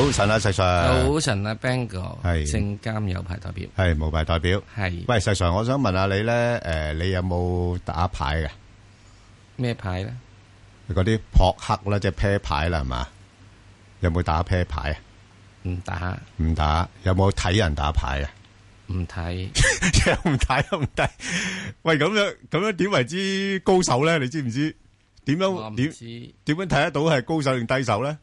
早晨啊，Sir！早晨啊，Bang 哥，係證監有牌代表，係無牌代表，係。喂，Sir，我想問下你咧，誒，你有冇打牌嘅？咩牌咧？嗰啲撲克啦，即係啤牌啦，係嘛？有冇打啤牌啊？唔打。唔打。有冇睇人打牌啊？唔睇。又唔睇，又唔睇。喂，咁樣咁樣點為之高手咧？你知唔知？點樣點點樣睇得到係高手定低手咧？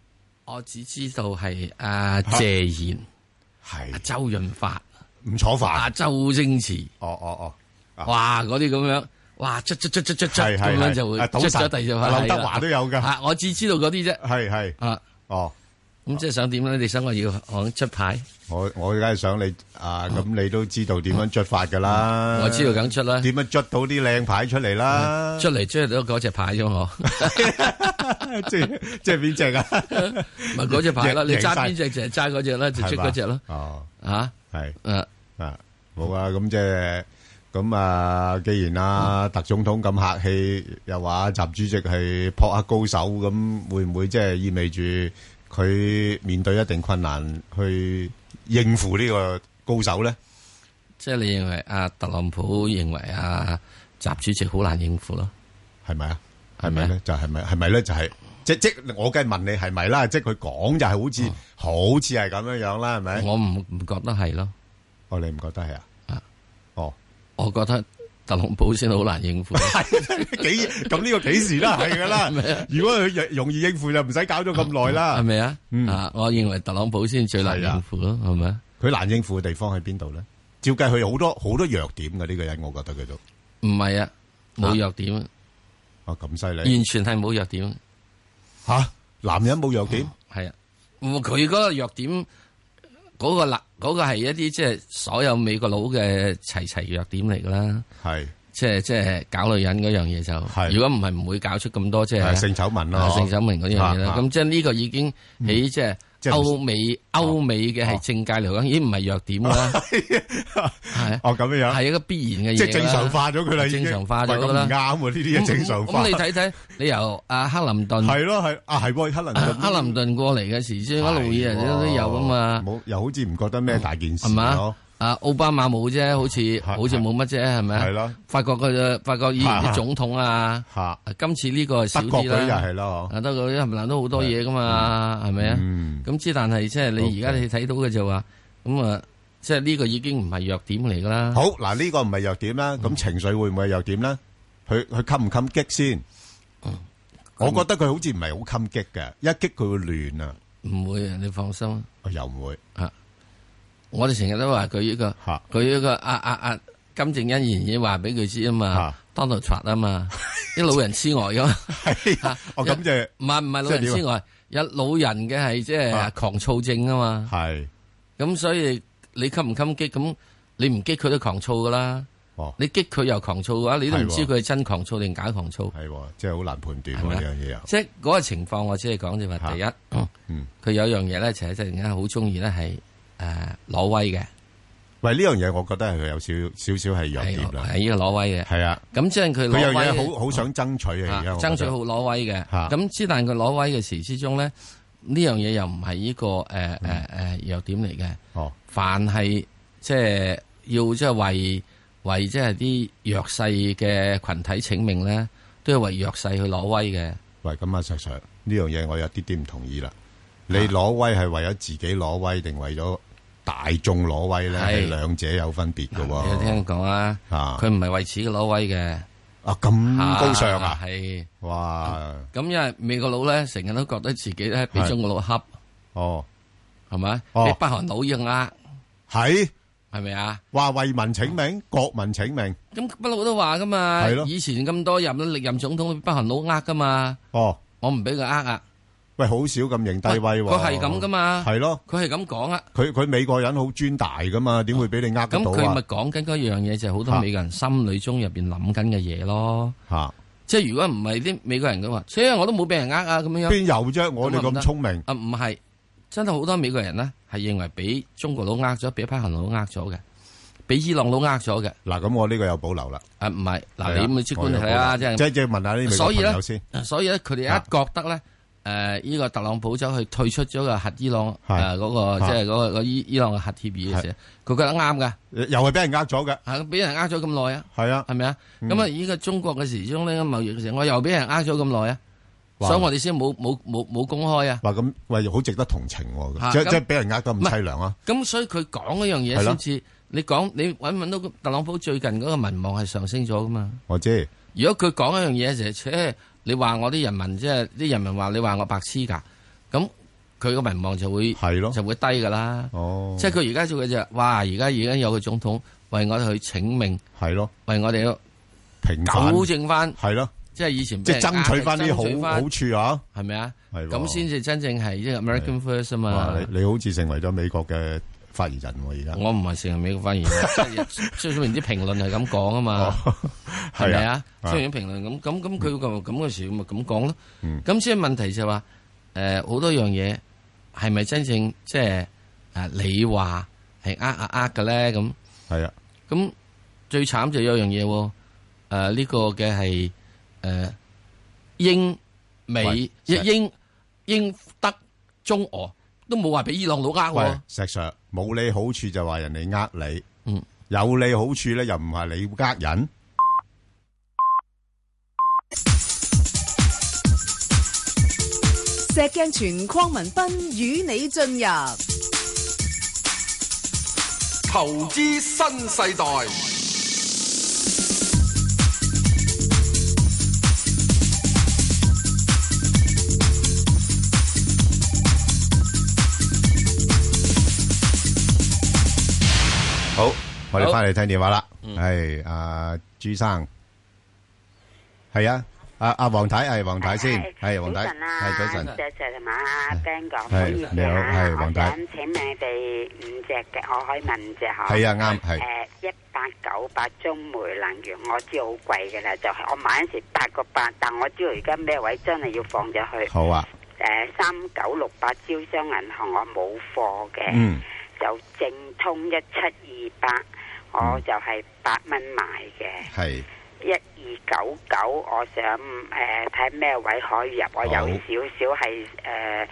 我只知道係阿謝賢，係阿、啊、周潤發，吳楚帆，阿周星馳、哦，哦哦哦，哇，嗰啲咁樣，哇、哦，出出出出出出咁樣就會，出咗第二套，劉德華都有噶，我只知道嗰啲啫，係係，啊，哦。哦咁即係想點樣？你想我要講出牌？我我而家係想你啊！咁你都知道點樣出法噶啦？我知道梗出啦，點樣出到啲靚牌出嚟啦？出嚟即係嗰嗰隻牌啫？即係即係邊隻啊？唔係嗰隻牌啦，你揸邊隻就揸嗰隻啦，就出嗰隻咯。哦，吓係，誒誒，冇啊！咁即係咁啊！既然啊特總統咁客氣，又話習主席係撲克高手，咁會唔會即係意味住？佢面對一定困難去應付呢個高手咧，即係你認為阿特朗普認為阿習主席好難應付咯，係咪啊？係咪咧？就係咪？係咪咧？就係即即我梗係問你係咪啦？即係佢講就係好似好似係咁樣樣啦，係咪？我唔唔覺得係咯。哦，你唔覺得係啊？啊，哦，我覺得。特朗普先好難應付，係幾咁呢個幾時都係噶啦。係咪啊？如果佢容容易應付就唔使搞咗咁耐啦，係咪啊？啊，我認為特朗普先最難應付咯，係咪啊？佢難應付嘅地方喺邊度咧？照計佢好多好多弱點嘅呢個人，我覺得佢都唔係啊，冇弱點啊，咁犀利，完全係冇弱點。吓，男人冇弱點，係啊，佢嗰個弱點嗰個難。嗰個係一啲即係所有美國佬嘅齊齊弱點嚟㗎啦，係是即係即係搞女人嗰樣嘢就，如果唔係唔會搞出咁多是即係是性醜聞咯。啊、性醜聞嗰樣嘢啦，咁、啊啊、即係呢個已經喺、嗯、即係。歐美歐美嘅係政界嚟講，已經唔係弱點噶啦，係啊，哦咁樣樣，係一個必然嘅嘢啦，即係正常化咗佢啦，正常化咗啦，啱啊，呢啲嘢正常化。咁你睇睇，你由阿克林頓，係咯，係啊，係喎，克林克林頓過嚟嘅時先一路以嚟都有啊嘛，冇又好似唔覺得咩大件事咯。啊，奧巴馬冇啫，好似好似冇乜啫，係咪？係咯。法國嘅法國以前總統啊，吓，今次呢個少啲啦。德國佢又係咯，啊，係咪難到好多嘢噶嘛，係咪啊？咁之但係即係你而家你睇到嘅就話，咁啊，即係呢個已經唔係弱點嚟噶啦。好，嗱，呢個唔係弱點啦。咁情緒會唔會弱點咧？佢佢襟唔襟激先？我覺得佢好似唔係好襟激嘅，一激佢會亂啊。唔會啊，你放心。又唔會啊。我哋成日都話佢呢個佢呢個阿阿阿金正恩議員話俾佢知啊嘛，Donald Trump 啊嘛，啲老人痴呆咁。哦，咁即係唔係唔係老人痴呆，有老人嘅係即係狂躁症啊嘛。係咁，所以你襟唔襟激，咁你唔激佢都狂躁噶啦。哦，你激佢又狂躁嘅話，你都唔知佢係真狂躁定假狂躁。係，即係好難判斷樣嘢啊。即係嗰個情況，我只係講就話第一，佢有樣嘢咧，其實真係好中意咧係。攞威嘅，喂，呢樣嘢我覺得係佢有少少少係弱點啦，係呢個攞威嘅，係啊，咁即係佢佢樣嘢好好想爭取嘅，爭取好攞威嘅，咁之但係佢攞威嘅時之中咧，呢樣嘢又唔係呢個誒誒誒弱點嚟嘅，哦，凡係即係要即係為為即係啲弱勢嘅群體請命咧，都要為弱勢去攞威嘅，喂，咁啊卓卓，呢樣嘢我有啲啲唔同意啦，你攞威係為咗自己攞威定為咗？大眾攞威咧，係兩者有分別嘅。你聽我講啊，佢唔係為此攞威嘅。啊咁高尚啊，係哇。咁因為美國佬咧，成日都覺得自己咧俾中國佬恰。哦，係咪？俾北韓佬要呃，係係咪啊？話為民請命，國民請命。咁不老都話噶嘛。係咯，以前咁多任啦，歷任總統都俾北韓佬呃噶嘛。哦，我唔俾佢呃啊。喂，好少咁認低威喎！佢係咁噶嘛？係咯，佢係咁講啊！佢佢美國人好尊大噶嘛，點會俾你呃得到啊？咁佢咪講緊嗰樣嘢就係好多美國人心裏中入邊諗緊嘅嘢咯吓，即係如果唔係啲美國人噶話，所以我都冇俾人呃啊咁樣邊有啫？我哋咁聰明啊，唔係，真係好多美國人咧，係認為俾中國佬呃咗，俾一批行佬呃咗嘅，俾伊朗佬呃咗嘅。嗱，咁我呢個有保留啦。啊，唔係，嗱，你每次官係啦，即係即係問下啲美國朋友先。所以咧，佢哋一覺得咧。誒，呢個特朗普走去退出咗個核伊朗嗰個即係個伊朗嘅核協議嘅時，佢覺得啱㗎，又係俾人呃咗㗎，吓俾人呃咗咁耐啊，係啊，係咪啊？咁啊，呢個中國嘅時中呢個貿易嘅時，我又俾人呃咗咁耐啊，所以我哋先冇冇冇冇公開啊。話咁，喂，好值得同情，即係即係俾人呃得咁凄涼啊。咁所以佢講嗰樣嘢先至，你講你搵唔搵到特朗普最近嗰個民望係上升咗噶嘛？或者如果佢講一樣嘢就切。你話我啲人民即係啲人民話你話我白痴，㗎，咁佢個民望就會的就會低㗎啦。哦，Oh。即係佢而家做嘅就係，哇！而家已經有個總統為我哋去請命，係咯的，為我哋評估正翻，係咯的，即係以前即係爭取翻啲好，好，好處啊，係咪啊？係的，咁先至真正係 American 的 First 啊嘛你。你好似成為咗美國嘅。發言人而、啊、家我唔係成日美國發言人，即係即係上面啲評論係咁講啊嘛，係咪 啊？上面啲評論咁咁咁，佢個咁嘅時咁咪咁講咯。咁、嗯、即係問題就話誒好多樣嘢係咪真正即係、呃、啊？你話係呃呃呃嘅咧咁係啊。咁最慘就有一樣嘢喎，呢、呃呢個嘅係誒英美英英，英德中俄。都冇話俾伊朗佬呃，喂，石 Sir 冇你好處就話人哋呃你，嗯、有你好處咧又唔係你呃人。石鏡泉鄺文斌與你進入投資新世代。我哋翻嚟聽電話啦，係阿朱生，係啊，阿阿黃太係黃太先，係黃太，係早晨，第一隻係嘛？Ben 哥，歡迎啊！咁請問你哋五隻嘅，我可以問隻可？係啊，啱係。誒，一八九八中煤能源，我知好貴嘅啦，就係我買嗰時八個八，但我知道而家咩位真係要放咗去。好啊。誒，三九六八招商銀行，我冇貨嘅，就正通一七二八。我就係八蚊買嘅，係一二九九，99, 我想誒睇咩位可以入，我有少少係誒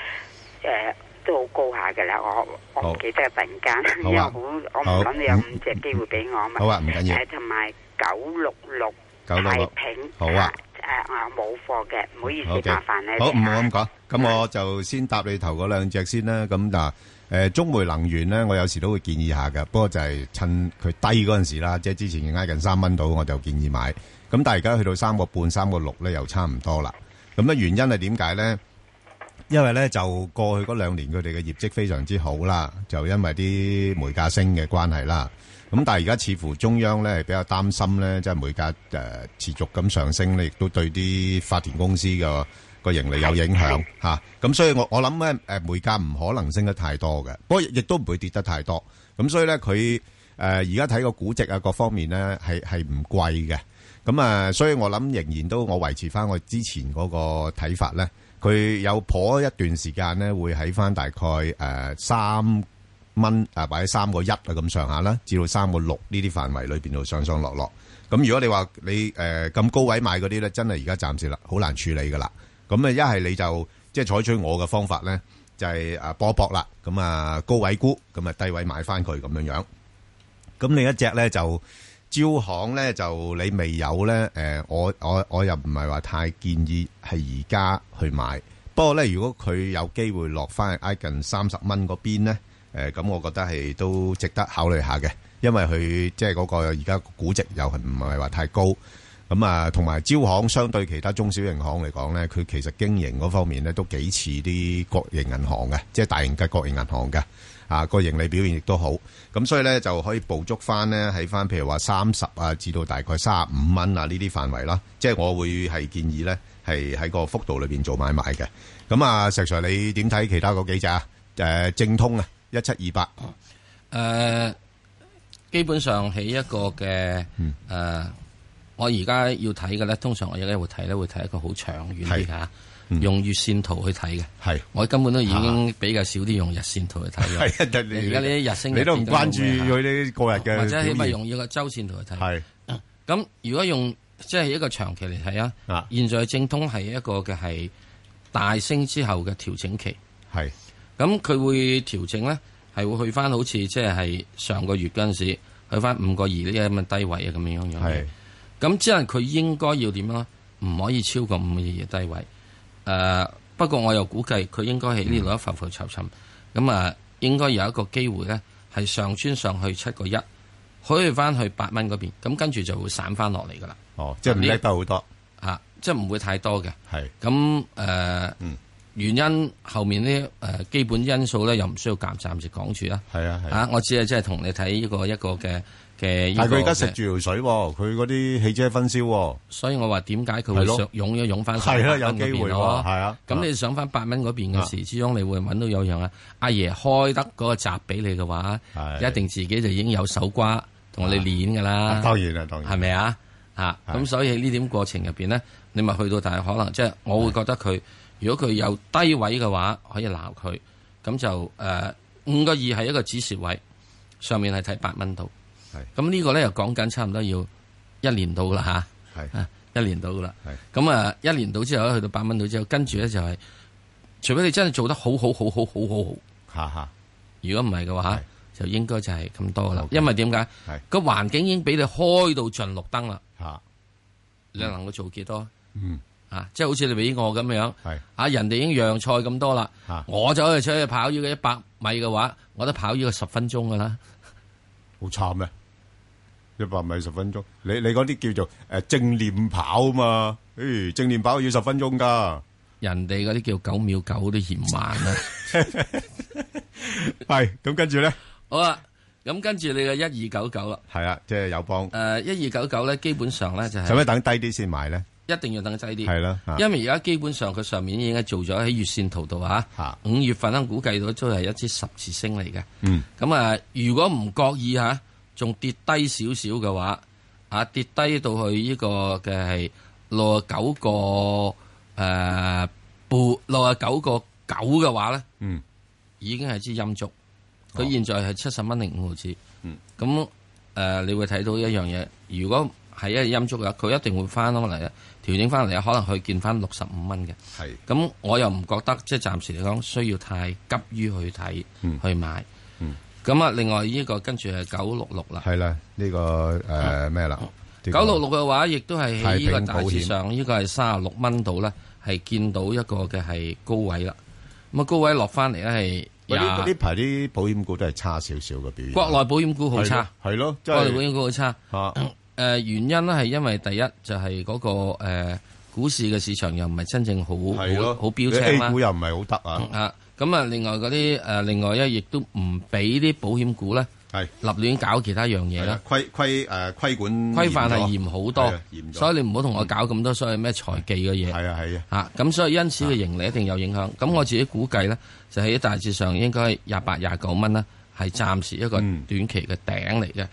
誒都好高下㗎喇，我好我唔記得突然間，啊、因為好我唔講你有五隻機會俾我啊嘛，好啊唔緊要，同埋九六六。呃大屏平好啊，誒冇貨嘅，唔、啊啊、好意思 Okay. 麻煩咧。好唔好咁講？咁、嗯、我就先答你頭嗰兩隻先啦。咁嗱，誒、呃、中煤能源咧，我有時都會建議下嘅。不過就係趁佢低嗰陣時啦，即係之前挨近三蚊度，我就建議買。咁但係而家去到三個半、三個六咧，又差唔多啦。咁咧原因係點解咧？因為咧就過去嗰兩年佢哋嘅業績非常之好啦，就因為啲煤價升嘅關係啦。咁但係而家似乎中央咧係比較擔心咧，即係煤價誒持續咁上升咧，亦都對啲發電公司個個盈利有影響吓。咁是是、啊、所以我我諗咧誒煤價唔可能升得太多嘅，不過亦都唔會跌得太多。咁所以咧佢誒而家睇個估值啊各方面咧係係唔貴嘅。咁啊，所以我諗仍然都我維持翻我之前嗰個睇法咧，佢有頗一段時間咧會喺翻大概誒、呃、三。蚊啊，擺喺三個一啊，咁上下啦，至到三個六呢啲範圍裏邊度上上落落。咁如果你話你誒咁、呃、高位買嗰啲咧，真係而家暫時啦，好難處理噶啦。咁啊，一係你就即係採取我嘅方法咧，就係、是、啊波博啦。咁啊高位沽，咁啊低位買翻佢咁樣樣。咁另一隻咧就招行咧，就你未有咧誒、呃？我我我又唔係話太建議係而家去買。不過咧，如果佢有機會落翻去挨近三十蚊嗰邊咧。誒，咁、嗯、我覺得係都值得考慮下嘅，因為佢即係嗰個而家估值又係唔係話太高，咁、嗯、啊，同埋招行相對其他中小銀行嚟講呢，佢其實經營嗰方面咧都幾似啲國營銀行嘅，即係大型嘅國營銀行嘅，啊個盈利表現亦都好，咁、嗯、所以呢，就可以捕捉翻呢，喺翻譬如話三十啊至到大概三十五蚊啊呢啲範圍啦，即係我會係建議呢，係喺個幅度裏邊做買賣嘅。咁、嗯、啊，石 Sir 你點睇其他嗰幾隻啊？誒、呃，正通啊！一七二八，誒，基本上係一個嘅，誒，我而家要睇嘅咧，通常我而家會睇咧，會睇一個好長遠啲吓，用月線圖去睇嘅。係，我根本都已經比較少啲用日線圖去睇。而家呢啲日星，你都唔關注佢呢個日嘅，或者起碼用一個周線圖去睇。係，咁如果用即係一個長期嚟睇啊，現在正通係一個嘅係大升之後嘅調整期。係。咁佢會調整咧，係會去翻好似即係上個月嗰陣時去翻五個二啲咁嘅低位啊，咁是樣樣嘅。咁之後佢應該要點樣咧？唔可以超過五個二嘅低位。誒、呃，不過我又估計佢應該喺呢度一浮浮沉沉。咁、嗯、啊，應該有一個機會咧，係上穿上去七個一，可以翻去八蚊嗰邊。咁跟住就會散翻落嚟噶啦。哦，即係唔甩得好多啊！即係唔會太多嘅。係是。咁誒、呃、嗯。原因後面呢誒、呃、基本因素咧，又唔需要夾，暫時講住啦。係啊，係啊，啊，我只係即係同你睇依個一個嘅嘅。但佢而家食住油水喎、喔，佢嗰啲汽車分銷喎、喔。所以我話點解佢會上咗一湧翻水？係、嗯、咯，係、嗯、有機會喎、喔。嗯、啊，咁你上翻八蚊嗰邊嘅時，啊、之，中你會揾到有樣對啊！阿爺開得嗰個閘俾你嘅話，一定自己就已經有手瓜同我哋攣噶啦。當然啦，當然。係咪啊？嚇！咁所以呢點過程入邊咧，你咪去到，大可能、啊、即係是，我會覺得佢。如果佢有低位嘅話，可以撈佢，咁就誒五個二係一個止蝕位，上面係睇八蚊度。係咁呢個咧又講緊差唔多要一年到啦吓，係、啊、是一年到噶啦，係咁啊一年到之後去到八蚊度之後，跟住咧就係、是、除非你真係做得好好好好好好好，吓吓哈，如果唔係嘅話是就應該就係咁多啦，嗯、okay，因為點解個環境已經俾你開到盡綠燈啦，吓，你能夠做幾多？嗯。嗯嗯嗯啊，即係好似你俾我咁樣，是啊人哋已經讓賽咁多啦，啊、我走去出去跑呢個一百米嘅話，我都跑呢個十分鐘噶啦，好慘啊！一百米十分鐘，你你嗰啲叫做誒正念跑嘛？誒、哎，正念跑要十分鐘噶，人哋嗰啲叫九秒九都嫌慢啦。係咁，跟住咧，好啦，咁跟住你嘅一二九九啦，係啊，即係、啊就是、友邦誒，一二九九咧，基本上咧就係使唔使等低啲先買咧？一定要等低啲，係啦的，因為而家基本上佢上面已經做咗喺月線圖度吓，的五月份咧估計到都係一支十字星嚟嘅。咁啊、嗯，如果唔覺意吓，仲跌低少少嘅話，啊跌低到去呢、這個嘅係六啊九個誒半，六啊九個九嘅話咧，嗯，已經係支陰燭，佢現在係七十蚊零五毫紙，嗯，嗯，咁誒你會睇到一樣嘢，如果係一支陰燭啊，佢一定會翻翻嚟嘅。調整翻嚟啊，可能去見翻六十五蚊嘅。係是，咁我又唔覺得即係暫時嚟講需要太急於去睇、嗯、去買。嗯。咁啊，另外呢、這個跟住係九六六啦。係啦，呢、這個誒咩啦？九六六嘅話，亦都係喺呢個大市上，呢、這個係三十六蚊度咧，係見到一個嘅係高位啦。咁啊，高位落翻嚟咧係。有啲呢排啲保險股都係差少少嘅表現。國內保險股好差。係咯，即係。國內保險股好差。嚇、就是！ 誒，原因咧係因為第一就係、是、嗰、那個誒、呃，股市嘅市場又唔係真正好的好標青啦。你 A 股又唔係好得啊。啊、嗯，咁啊，另外嗰啲誒，另外一亦都唔俾啲保險股咧，係立亂搞其他樣嘢啦。規規誒，規、呃、管規範係嚴好多，嚴咗。所以你唔好同我搞咁多所謂咩財技嘅嘢。係啊係啊。吓，咁所以因此嘅盈利一定有影響。咁我自己估計咧，就喺、是、大致上應該係廿八廿九蚊啦。係暫時一個短期嘅頂嚟嘅，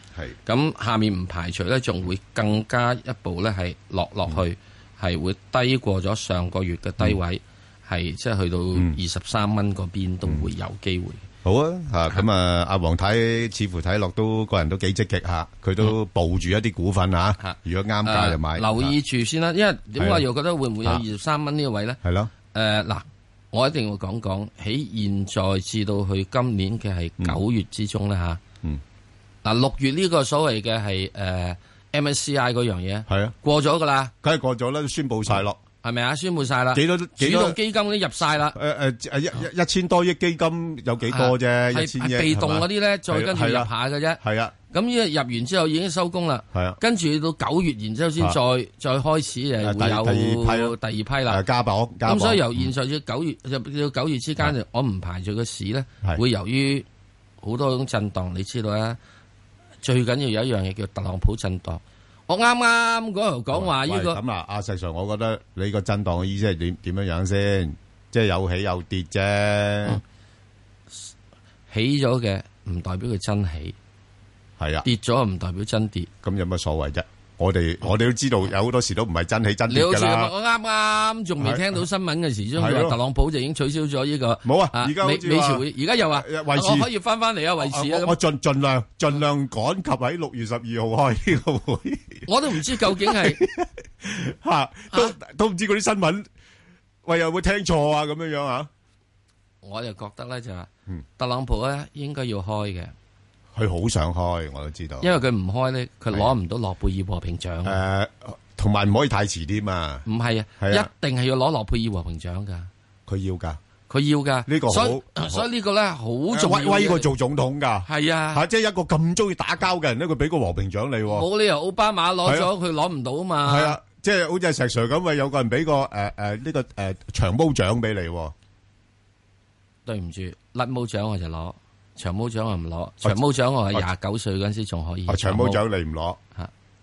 咁是下面唔排除咧，仲會更加一步咧，係落落去，係、嗯、會低過咗上個月嘅低位，係、嗯、即係去到二十三蚊嗰邊都會有機會。好啊，嚇咁啊，阿、啊、王太似乎睇落都個人都幾積極嚇，佢都佈住一啲股份嚇，啊啊、如果啱價就買，啊、留意住先啦、啊。啊、因為點解又覺得會唔會有二十三蚊呢個位咧？係咯，誒嗱。我一定要講講，喺現在至到去今年嘅係九月之中咧吓，嗱六、嗯啊、月呢個所謂嘅係誒、呃、MSCI 嗰樣嘢，係啊過咗噶啦，梗係過咗啦，宣布晒咯，係咪啊係係？宣布晒啦，幾多，幾多主動基金都入晒啦，誒誒誒一一,一,一千多億基金有幾多啫？係被、啊、動嗰啲咧、啊、再跟住入下嘅啫。咁依個入完之後已經收工啦，係啊，跟住到九月，然之後先再、啊、再開始嚟會有第二批咯，第二批啦，加保。咁所以由現在至九月入到九月之間，我唔排除個市咧、啊、會由於好多種震蕩，你知道啊？最緊要有一樣嘢叫特朗普震蕩。我啱啱嗰度講話呢個咁啊，阿世 Sir，我覺得你個震蕩嘅意思係點點樣樣先？即係有起有跌啫、嗯，起咗嘅唔代表佢真起。係啊，跌咗唔代表真跌，咁有乜所謂啫？我哋我哋都知道，有好多時都唔係真起真跌噶啦。我啱啱仲未聽到新聞嘅時，中特朗普就已經取消咗呢、這個冇啊，美、啊、美朝會而家又話時，我可以翻翻嚟啊，維持啊。我盡盡量盡量趕及喺六月十二號開呢個會。我都唔知究竟係吓都都唔知嗰啲新聞喂，有冇聽錯啊？咁樣樣啊？我就覺得咧就係話，特朗普咧應該要開嘅。佢好想開，我都知道。因為佢唔開咧，佢攞唔到諾貝爾和平獎。誒，同埋唔可以太遲啲嘛？唔係啊，一定係要攞諾貝爾和平獎噶。佢要噶，佢要噶。呢個好，所以呢個咧好重要。威威過做總統噶，係啊，吓即係一個咁中意打交嘅人咧，佢俾個和平獎你，冇理由奧巴馬攞咗佢攞唔到啊嘛。係啊，即係好似石 Sir 咁，喂，有個人俾個誒誒呢個誒長毛獎俾你，對唔住，甩毛獎我就攞。長毛獎我唔攞，長毛獎我係廿九歲嗰陣時仲可以。長毛獎你唔攞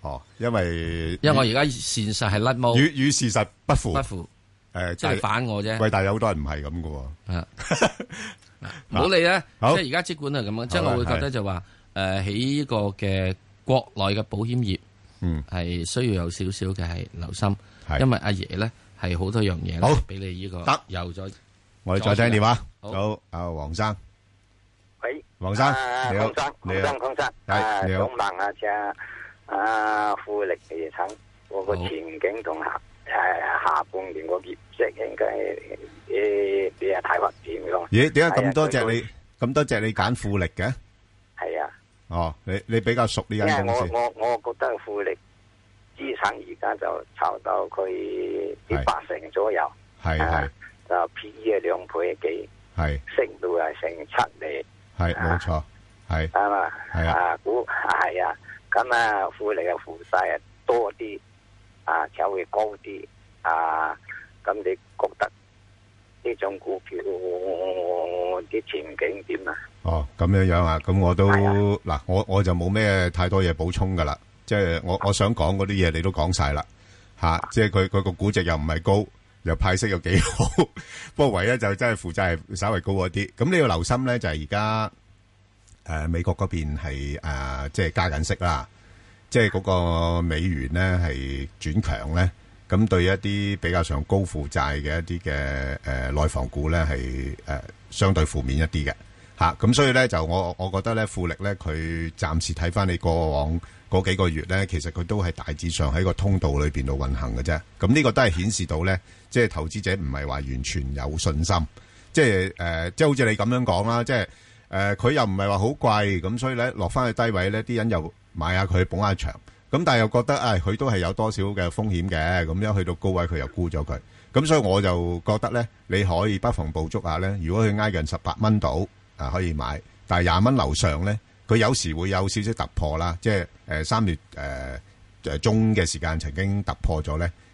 哦，因為因為我而家現實係甩毛，與與事實不符。不符，誒，即係反我啫。但係有好多人唔係咁噶喎，唔好理啦。即係而家即管係咁樣，即係我會覺得就話，誒，喺呢個嘅國內嘅保險業，嗯，係需要有少少嘅係留心，因為阿爺咧係好多樣嘢，好，俾你呢個得又再，我哋再聽電話。好，阿黃生。王生，王生，王生，王生，兩萬隻啊！富力地產嗰個前景同下，誒，下半年個業績應該啲比啊，太穩定咯。咦？點解咁多隻你咁多隻你揀富力嘅？係啊，哦，你你比較熟呢間公司。我我我覺得富力資產而家就炒到佢八成左右，係啊，就 P E 啊兩倍幾，係升到係成七厘。係冇錯，係啊嘛，係啊股係啊，咁是吧啊，獲利嘅幅度多啲，就是啊，啊，就會高啲，啊，咁你覺得呢種股票啲前景點啊？哦，咁樣樣啊，咁我都嗱，我我就冇咩太多嘢補充噶啦，即係我我想講嗰啲嘢你都講晒啦，吓，即係佢佢個估值又唔係高。就派息又幾好， 不過唯一就真係負債稍微高一啲。咁你要留心咧，就係而家誒美國嗰邊係誒即係加緊息啦，即係嗰個美元咧係轉強咧，咁對一啲比較上高負債嘅一啲嘅誒內房股咧係誒相對負面一啲嘅嚇。咁、啊、所以咧就我我覺得咧富力咧佢暫時睇翻你過往嗰幾個月咧，其實佢都係大致上喺個通道裏邊度運行嘅啫。咁呢個都係顯示到咧。即係投資者唔係話完全有信心，即係誒，即係好似你咁樣講啦，即係誒，佢又唔係話好貴，咁所以咧落翻去低位咧，啲人又買下佢捧下場，咁但係又覺得啊，佢都係有多少嘅風險嘅，咁樣去到高位佢又沽咗佢，咁所以我就覺得咧，你可以不妨捕捉下咧，如果佢挨近十八蚊到啊，可以買，但係廿蚊樓上咧，佢有時會有少少突破啦，即係誒三月誒誒中嘅時間曾經突破咗咧。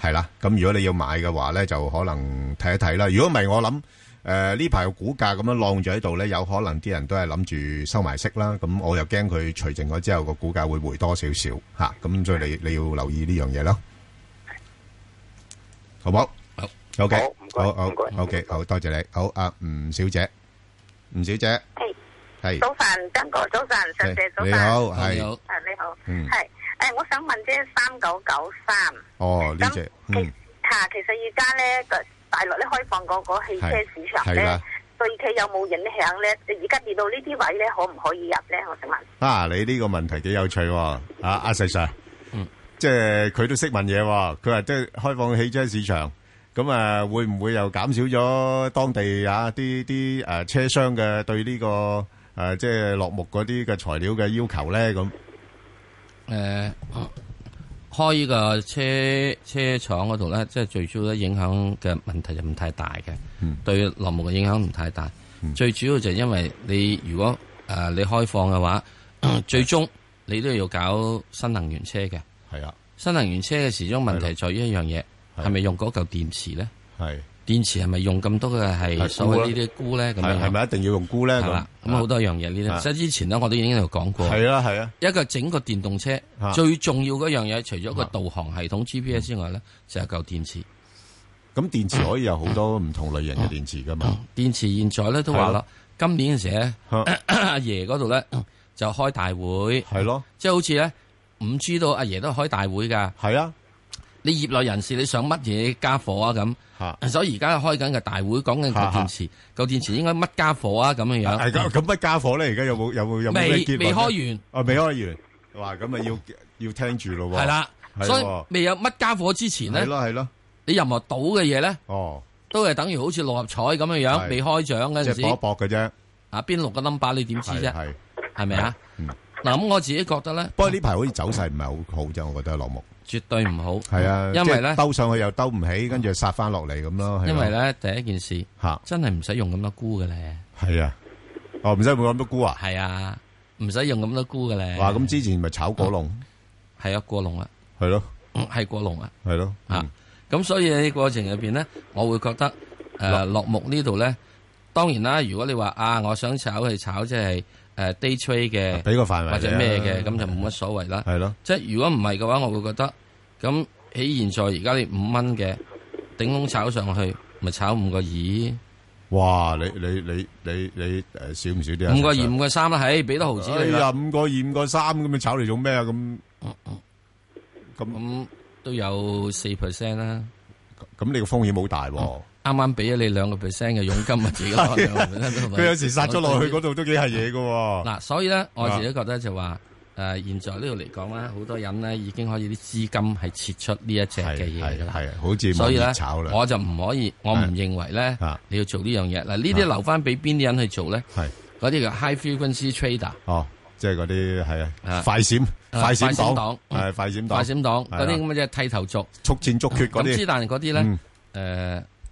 係啦，咁如果你要買嘅話咧，就可能睇一睇啦。如果唔係，我諗誒呢排個股價咁樣浪咗喺度咧，有可能啲人都係諗住收埋息啦。咁我又驚佢除淨咗之後個股價會回多少少吓。咁所以你你要留意呢樣嘢咯，好冇？好，OK，好，好，OK，好多謝你。好啊，吳小姐，吳小姐，係，係，早飯得個早飯，謝謝，你好，係，你好，嗯，係。誒，我想問啫，三九九三哦，呢隻吓，其實而家咧，大大陸咧開放嗰個汽車市場咧，對佢有冇影響咧？而家跌到呢啲位咧，可唔可以入咧？我想問。啊，你呢個問題幾有趣喎！啊，阿細叔，嗯，即係佢都識問嘢，佢話即係開放汽車市場，咁啊，會唔會又減少咗當地啊啲啲誒車商嘅對呢個誒即係落木嗰啲嘅材料嘅要求咧？咁？誒、呃，開呢個車車廠嗰度呢，即係最主要影響嘅問題就唔太大嘅，對林木嘅影響唔太大。最主要就係因為你如果誒、呃、你開放嘅話，嗯、最終你都要搞新能源車嘅。係啊，新能源車嘅始終問題在於一樣嘢，係咪的用嗰嚿電池呢？係。電池係咪用咁多嘅係所謂呢啲鈷咧？咁樣係咪一定要用鈷咧？咁好多樣嘢呢啲。即係之前咧，我都已經喺度講過。係啊係啊，一個整個電動車最重要嗰樣嘢，除咗個導航系統 GPS 之外咧，就係嚿電池。咁電池可以有好多唔同類型嘅電池噶嘛？電池現在咧都話啦，今年嘅時咧，阿爺嗰度咧就開大會。係咯，即係好似咧五 G 都阿爺都開大會噶。係啊。你業內人士你想乜嘢傢伙啊咁？所以而家開緊嘅大會，講緊舊電池，舊電池應該乜傢伙啊咁樣樣？係咁，乜傢伙咧？而家有冇有冇有咩結論？未未開完。啊，未開完，哇！咁咪要要聽住咯。係啦，所以未有乜傢伙之前咧。係咯，你任何賭嘅嘢咧，哦，都係等於好似六合彩咁樣樣，未開獎嗰陣時。即係搏一搏嘅啫。啊，邊六個 number 你點知啫？係咪啊？嗱，咁我自己覺得咧，不過呢排好似走勢唔係好好啫，我覺得落木。絕對唔好，係啊，因為咧，兜上去又兜唔起，跟住又殺翻落嚟咁咯。因為咧，第一件事吓，真係唔使用咁多菇嘅咧。係啊，哦，唔使用咁多菇啊。係啊，唔使用咁多菇嘅咧。哇，咁之前咪炒過龍？係啊，過龍啊。係咯，係過龍啊。係咯，吓，咁所以喺過程入邊咧，我會覺得誒，落幕呢度咧。當然啦，如果你話啊，我想炒去炒，即係誒 day trade 嘅，俾個範圍，或者咩嘅，咁就冇乜所謂啦。係咯，即係如果唔係嘅話，我會覺得咁喺現在而家你五蚊嘅頂籠炒上去，咪炒五個二？哇！你你你你你誒少唔少啲啊？五個二五個三啦，係，俾多毫子你哎五個二五個三咁咪炒嚟做咩啊？咁咁都有四 percent 啦。咁你個風險好大。啱啱俾咗你兩個 percent 嘅佣金啊，自己佢有時殺咗落去嗰度都幾係嘢噶。嗱，所以咧我自己覺得就話誒，現在呢度嚟講咧，好多人咧已經可以啲資金係撤出呢一隻嘅嘢噶啦，係系，好似冇得炒啦，我就唔可以，我唔認為咧你要做呢樣嘢。嗱，呢啲留翻俾邊啲人去做咧，係嗰啲叫 high frequency trader 哦，即係嗰啲係啊，快閃快閃黨快閃黨快閃黨嗰啲咁嘅嘢，剃頭族速戰速決嗰啲，但係嗰啲咧誒。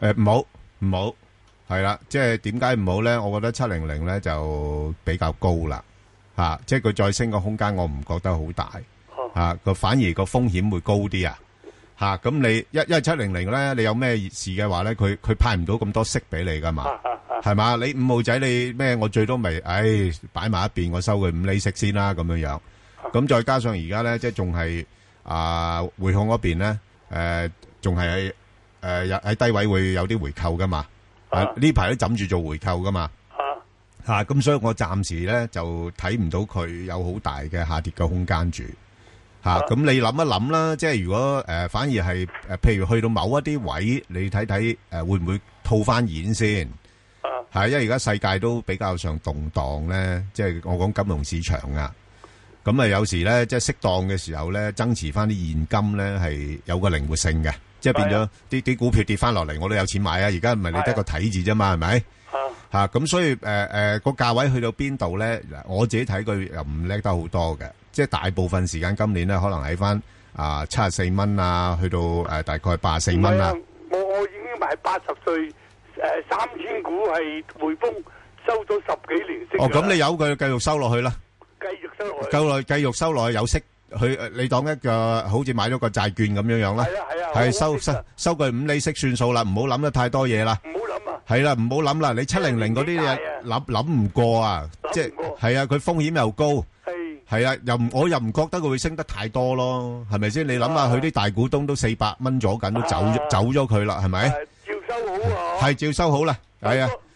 誒，唔好唔好，係啦，即係點解唔好咧？我覺得七零零咧就比較高啦，吓，即係佢再升個空間，我唔覺得好大，吓，個反而個風險會高啲啊，吓，咁你因為七零零咧，你有咩事嘅話咧，佢佢派唔到咁多息俾你噶嘛，係嘛，你五號仔你咩？我最多咪，唉，擺埋一邊，我收佢五厘息先啦，咁樣樣，咁再加上而家咧，即係仲係啊，匯控嗰邊咧，誒，仲係。誒，喺低位會有啲回扣噶嘛？呢排都枕住做回購噶嘛？吓咁，所以我暫時咧就睇唔到佢有好大嘅下跌嘅空間住吓。咁你諗一諗啦，即係如果誒，反而係誒，譬如去到某一啲位，你睇睇誒，會唔會套翻現先？係因為而家世界都比較上動蕩咧，即係我講金融市場啊。咁啊，有時咧，即係適當嘅時候咧，增持翻啲現金咧，係有個靈活性嘅。即係變咗啲啲股票跌翻落嚟，我都有錢買啊！而家唔係你得個睇字啫嘛，係咪？吓，咁所以誒誒個價位去到邊度咧？嗱，我自己睇佢又唔叻得好多嘅，即係大部分時間今年咧可能喺翻啊七十四蚊啊，去到誒大概八十四蚊啊。我我已經買八十歲誒三千股係匯豐收咗十幾年息。哦，咁你由佢繼續收落去啦，繼續收落去，夠耐繼續收落去有息。佢你當一個好似買咗個債券咁樣樣啦，係收收收佢五厘息算數啦，唔好諗得太多嘢啦。唔好諗啊！係啦，唔好諗啦，你七零零嗰啲嘢諗諗唔過啊，即係係啊，佢風險又高，係啊，又我又唔覺得佢會升得太多咯，係咪先？你諗下佢啲大股東都四百蚊咗緊，都走走咗佢啦，係咪？係照收好啊！係照收好啦，係啊。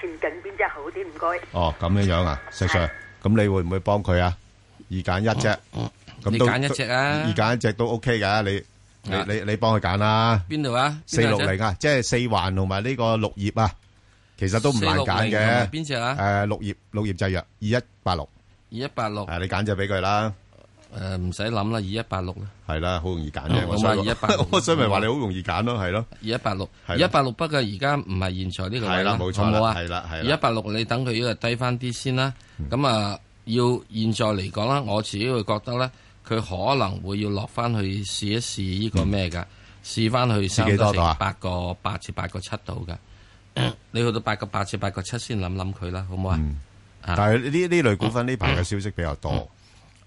前景邊隻好啲？唔該。哦，咁樣樣啊，石 Sir，咁你會唔會幫佢啊？二揀一隻，咁都二揀一隻啊，二揀一隻都 OK 嘅，你你你你幫佢揀啦。邊度啊？四六嚟噶，即係四環同埋呢個綠葉啊，其實都唔難揀嘅。邊隻啊？誒，綠葉綠葉製藥二一八六。二一八六。誒，你揀隻俾佢啦。誒，唔使諗啦，二一八六啦，係啦，好容易揀嘅。我想所以咪話你好容易揀咯，係咯。二一八六，二一八六，不過而家唔係現在呢個啦，冇錯，好唔好啊？係啦，係啦。二一八六，你等佢呢個低翻啲先啦。咁啊，要現在嚟講啦，我自己會覺得咧，佢可能會要落翻去試一試呢個咩噶，試翻去三到八個八至八個七度噶。你去到八個八至八個七先諗諗佢啦，好唔好啊？但係呢呢類股份呢排嘅消息比較多。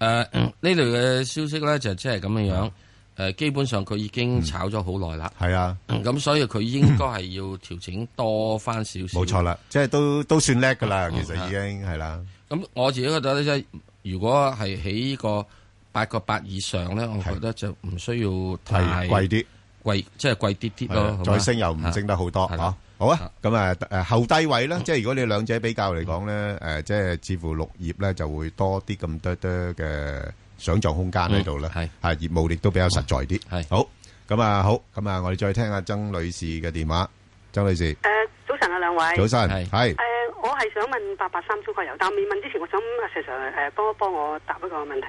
誒，呢類嘅消息咧就即係咁樣樣，誒，基本上佢已經炒咗好耐啦。係啊，咁所以佢應該係要調整多翻少少。冇錯啦，即係都都算叻噶啦，其實已經係啦。咁我自己覺得咧，即係如果係起個八個八以上咧，我覺得就唔需要太貴啲，貴即係貴啲啲咯。再升又唔升得好多係嘛。好啊，咁啊，誒後低位啦，即係如果你兩者比較嚟講咧，誒即係似乎綠葉咧就會多啲咁多多嘅想象空間喺度啦，係業務亦都比較實在啲。係好，咁啊好，咁啊我哋再聽下曾女士嘅電話。曾女士，誒早晨啊兩位，早晨，係，誒我係想問八八三中海油，但係未問之前，我想阿 Sir Sir 誒幫一幫我答一個問題。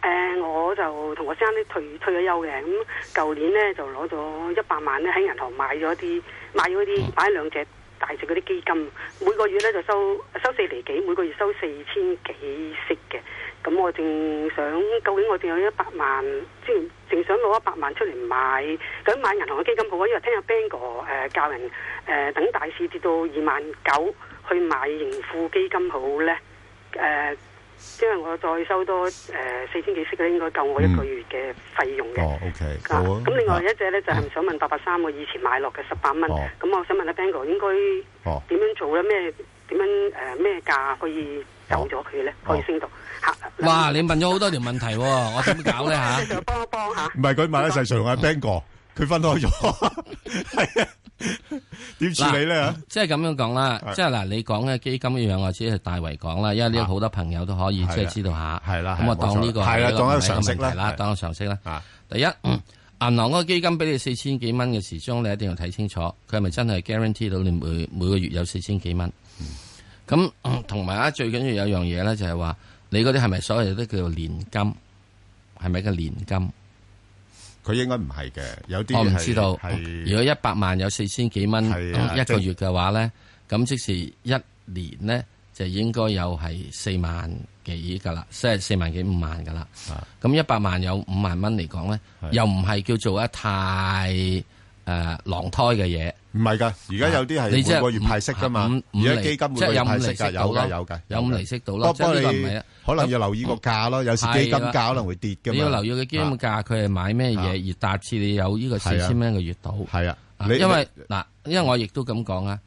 誒、呃，我就同我先生都退退咗休嘅，咁、嗯、舊年呢，就攞咗一百萬呢喺銀行買咗啲買咗啲買,買兩隻大隻嗰啲基金，每個月呢，就收收四厘幾，每個月收四千幾息嘅。咁、嗯、我正想究竟我仲有一百萬，即係正想攞一百萬出嚟買，咁買銀行嘅基金好啊？因為聽阿 Bang 哥、呃、誒教人誒、呃、等大市跌到二萬九去買盈富基金好呢。誒、呃。呃因為我再收多誒四千幾息咧，呃、4，應該夠我一個月嘅費用嘅、嗯。哦，OK，咁、哦啊啊、另外一隻咧就係、是、想問八百三，我以前買落嘅十八蚊，咁、啊嗯啊、我想問阿 Bangor 應該點樣做咧？咩點樣誒咩價可以走咗佢咧？啊、可以升到吓。啊、哇！你問咗好多條問題，我點搞咧吓？ 你就幫我幫下。唔係佢買得實常阿 Bangor 佢分開咗，係啊？點處理咧？即係咁樣講啦，即係嗱，你講嘅基金一樣，我自己係大為講啦，因為呢個好多朋友都可以即係知道下，係啦。咁我當呢個係啦，當一個常識啦，當一個常識啦。第一，銀行嗰個基金俾你四千幾蚊嘅時候，你一定要睇清楚，佢係咪真係 guarantee 到你每每個月有四千幾蚊？咁同埋啊，最緊要有樣嘢咧，就係話你嗰啲係咪所謂都叫做年金？係咪一個年金？佢應該唔係嘅，有啲我唔知道。如果一百萬有四千幾蚊一個月嘅話咧，咁的即係一年咧就應該有係四萬幾㗎啦，即係四萬幾五萬㗎啦。咁是的 一百萬有五萬蚊嚟講咧，是的 又唔係叫做一太。誒，狼胎嘅嘢唔係噶，而家有啲係即個月派息噶嘛，而家基金每個月派息噶有啦，有五厘息到啦。不過你可能要留意個價咯，有時基金價可能會跌嘅。你要留意個基金價，佢係買咩嘢而達至你有呢個四千蚊嘅月度。係啊，因為嗱，因為我亦都咁講啊。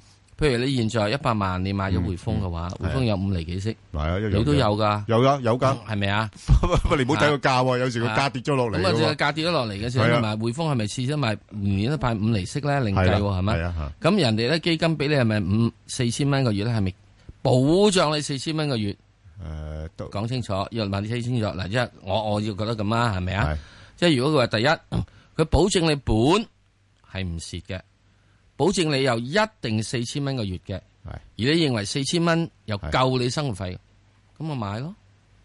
譬如你現在一百萬，你買咗匯豐嘅話，匯豐有五厘幾息，你都有噶，有啦，有㗎，係咪啊？你唔好睇個價喎，有時個價跌咗落嚟。咁啊，個價跌咗落嚟嘅時候，同埋匯豐係咪設咗賣年都派五厘息咧？另計喎，係咪？咁人哋咧基金俾你係咪五四千蚊個月咧？係咪保障你四千蚊個月？誒，講清楚，要問你清楚。嗱，即係我我要覺得咁啊，係咪啊？即係如果佢話第一，佢保證你本係唔蝕嘅。保證你又一定四千蚊個月嘅，係而你認為四千蚊又夠你生活費，咁咪買咯？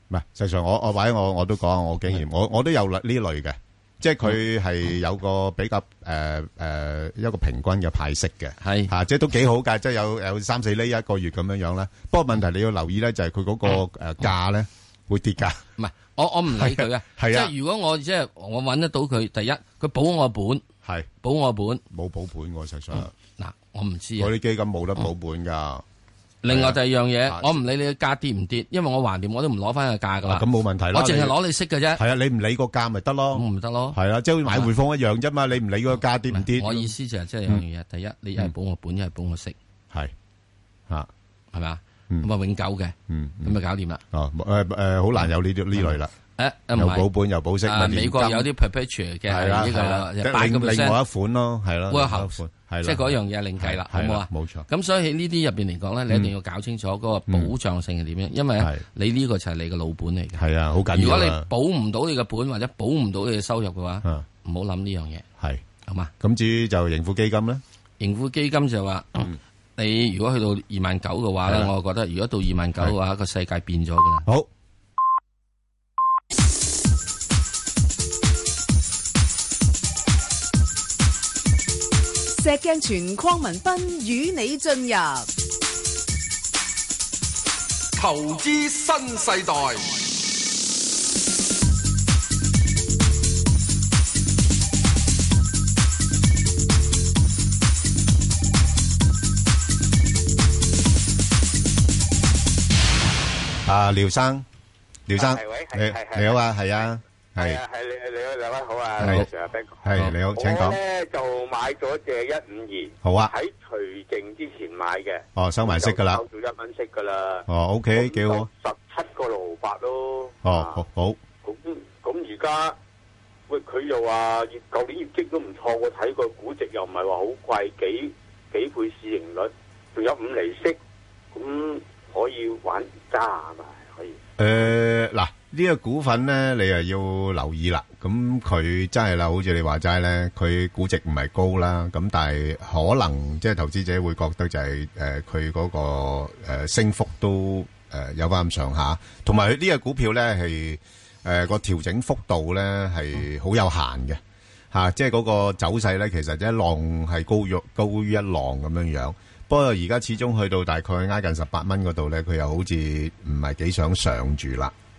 唔係，事實上我我或者我我都講我經驗，我我都有類呢類嘅，即係佢係有個比較誒誒一個平均嘅派息嘅，係吓，即係都幾好噶即係有有三四厘一個月咁樣樣啦。不過問題你要留意咧，就係佢嗰個誒價咧會跌噶。唔係，我我唔理佢嘅，即係如果我即係我揾得到佢，第一佢保我本，係保我本，冇保本我實上嗱，我唔知啊。啲基金冇得保本噶。另外第二樣嘢，我唔理你個價跌唔跌，因為我橫掂，我都唔攞翻個價噶啦。咁冇問題，我淨係攞你息嘅啫。係啊，你唔理個價咪得咯，唔得咯。係啊，即係買匯豐一樣啫嘛。你唔理個價跌唔跌，我意思就係即係樣嘢。第一，你一係保我本，一係保我息，係吓係咪？咁啊永久嘅，咁咪搞掂啦。誒誒，好難有呢啲呢類啦。誒，唔係保本又保息，啊美國有啲 perpetual 嘅係呢個，另另外一款咯，係咯，即係嗰樣嘢另計啦，好冇啊？冇錯。咁所以呢啲入邊嚟講咧，你一定要搞清楚嗰個保障性係點樣，因為你呢個就係你嘅老本嚟嘅，係啊，好緊要，如果你保唔到你嘅本或者保唔到你嘅收入嘅話，唔好諗呢樣嘢，係好嘛？咁至於就盈富基金咧，盈富基金就話，你如果去到二萬九嘅話咧，我啊覺得如果到二萬九嘅話，個世界變咗噶啦，好。石鏡泉鄺文斌與你進入投資新世代。啊，廖生，廖生，係，係，喂，你好啊，係你啊。係啊，係你、你、你、兩位好啊，常日 bing 係你好，請講。我咧就買咗隻一五二，好啊，喺除淨之前買嘅。哦，收埋息噶啦，收咗一蚊息噶啦。哦，OK，幾好。十七個六毫八咯。哦，好，好。咁咁而家。喂，佢又話，舊年業績都唔錯，我睇個估值又唔係話好貴，幾幾倍市盈率，仲有五厘息，咁可以玩揸嘛？可以。誒，嗱。呢個股份呢，你又要留意啦。咁佢真係啦，好似你話齋呢，佢估值唔係高啦。咁但係可能即係投資者會覺得就係、是、誒，佢、呃、嗰、那個誒、呃、升幅都誒有翻咁上下。同埋呢個股票呢，係誒個調整幅度呢，係好有限嘅吓、啊。即係嗰個走勢呢，其實一浪係高於高於一浪咁樣樣。不過而家始終去到大概挨近十八蚊嗰度呢，佢又好似唔係幾想上住啦。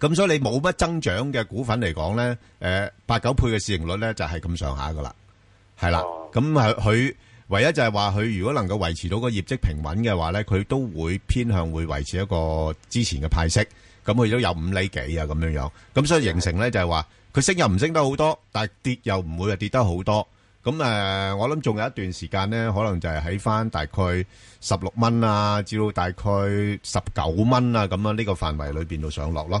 咁所以你冇乜增長嘅股份嚟講呢，誒八九倍嘅市盈率呢就係咁上下噶啦，係啦。咁佢唯一就係話佢如果能夠維持到個業績平穩嘅話呢，佢都會偏向會維持一個之前嘅派息。咁佢都有五釐幾啊咁樣樣。咁所以形成呢就係話佢升又唔升得好多，但係跌又唔會係跌得好多。咁誒，我諗仲有一段時間呢，可能就係喺翻大概十六蚊啊，至到大概十九蚊啊咁樣呢個範圍裏邊度上落咯。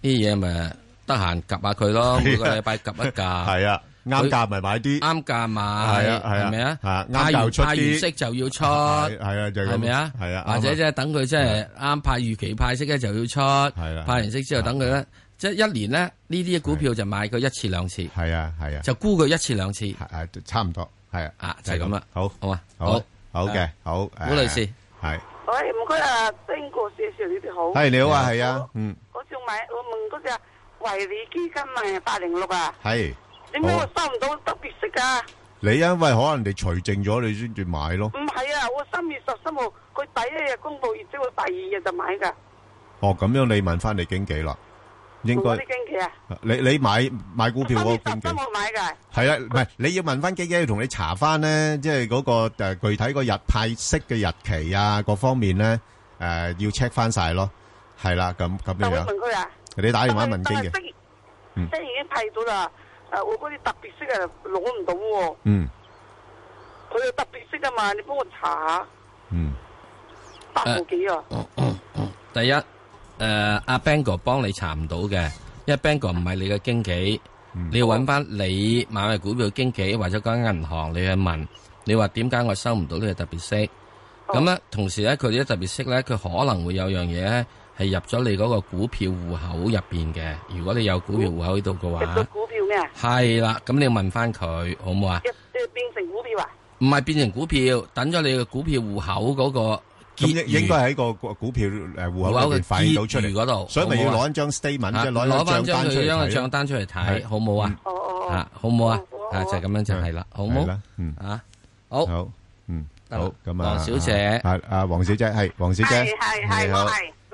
啲嘢咪得閒夾下佢咯，每個禮拜夾一價。係啊，啱價咪買啲，啱價嘛，係啊係係咪啊？派完出啲息就要出，係啊係咪啊？係啊。或者即係等佢即係啱派預期派息咧就要出，係啦。派完息之後等佢咧，即係一年咧呢啲股票就買佢一次兩次。係啊係啊，就沽佢一次兩次，係差唔多係啊。啊就係咁啦。好，好嘛，好，好嘅，好，古女士係。喂，唔該啊，丁國先生呢啲好。係你好啊，係啊，嗯。仲買我問嗰隻惠理基金啊，八零六啊，係點解我收唔到特別息噶？你因為可能你除淨咗，你先至買咯。唔係啊，我三月十三號佢第一日公布業績，我第二日就買噶。哦，咁樣你問翻你經紀啦，應該啲經紀啊？你你買買股票我經紀都冇買噶。係啊，唔係你要問翻經紀，要同你查翻咧，即係嗰個誒具體個日派息嘅日期啊，各方面咧誒要 check 翻晒咯。係啦，咁咁樣樣。我問佢啊，你打電話問經紀。嗯，特別息已經批到啦。誒，我嗰啲特別息啊攞唔到喎。嗯。佢有特別息啊嘛，你幫我查下。嗯。百幾啊？第一，誒，阿 Bang 哥幫你查唔到嘅，因為 Bang 哥唔係你嘅經紀，你要搵翻你買賣股票經紀或者嗰間銀行你去問。你話點解我收唔到呢個特別息？咁咧，同時咧，佢啲特別息咧，佢可能會有樣嘢咧。係入咗你嗰個股票戶口入邊嘅，如果你有股票戶口喺度嘅話，股票咩？係啦，咁你問翻佢好唔好啊？變成股票啊？唔係變成股票，等咗你嘅股票戶口嗰個結餘，應該喺個股票誒戶口入邊反映到出嚟度。所以咪要攞一張 statement，再攞翻張出嚟，攞翻張賬單出嚟睇，好唔好啊？好唔好啊？就就咁樣就係啦，好唔好啊？嗯，好，嗯，好，咁啊，黃小姐係黃小姐係黃小姐，係係。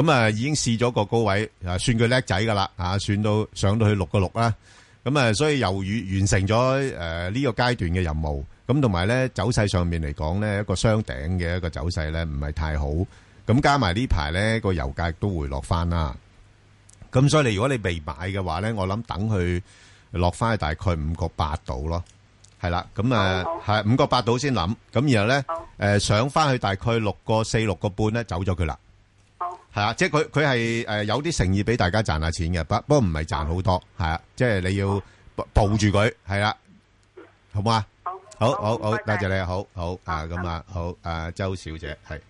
咁啊，已經試咗個高位，算佢叻仔噶啦，啊，算到上到去六個六啦。咁啊，所以由於完成咗誒呢個階段嘅任務。咁同埋咧，走勢上面嚟講咧，一個雙頂嘅一個走勢咧，唔係太好。咁加埋呢排咧，個油價亦都回落翻啦。咁所以你如果你未買嘅話咧，我諗等佢落翻去大概五個八度咯，係啦。咁啊，係五個八度先諗。咁然後咧，誒上翻去大概六個四六個半咧，走咗佢啦。係啊，即係佢佢係誒有啲誠意俾大家賺下錢嘅，不不過唔係賺好多，係啊，即係你要抱住佢，係啦，好唔好好好，多謝你，啊！好好啊，咁啊，好啊，周小姐係，係、啊、